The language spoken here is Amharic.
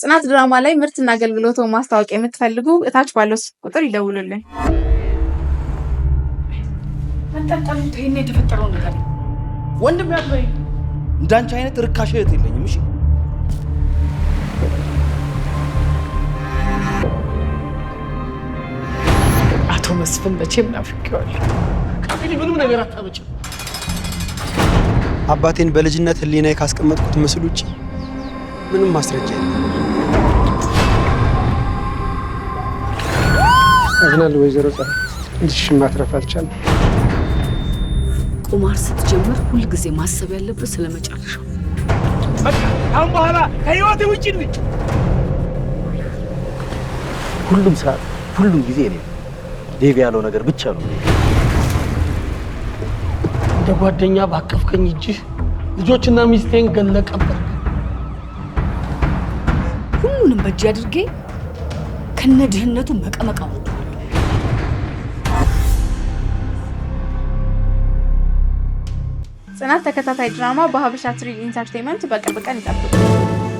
ጽናት ድራማ ላይ ምርትና አገልግሎት ማስታወቅ የምትፈልጉ እታች ባለው ቁጥር ይደውሉልን። ወንድም ያልበይ እንዳንቺ አይነት ርካሽ እህት የለኝም። እሺ አቶ መስፍን መቼም ናፍቄዋለሁ። ከፊኒ ምንም ነገር አታመጭም። አባቴን በልጅነት ህሊናዬ ካስቀመጥኩት ምስል ውጭ ምንም ማስረጃ የለም። አመሰግናለሁ ወይዘሮ ጻ ልጅሽ ማትረፍ አልቻለም። ቁማር ስትጀምር ሁልጊዜ ማሰብ ያለብህ ስለመጨረሻው። አሁን በኋላ ከህይወት ውጭ ሁሉም ሰዓት፣ ሁሉም ጊዜ እኔ ዴቪ ያለው ነገር ብቻ ነው። እንደ ጓደኛ ባቀፍከኝ እጅህ ልጆችና ሚስቴን ገለቀበት። ሁሉንም በእጅ አድርጌ ድህነቱ መቀመቃ ጽናት ተከታታይ ድራማ በሀበሻ ትሪ ኢንተርቴንመንት በቅርብ ቀን ይጠብቁ።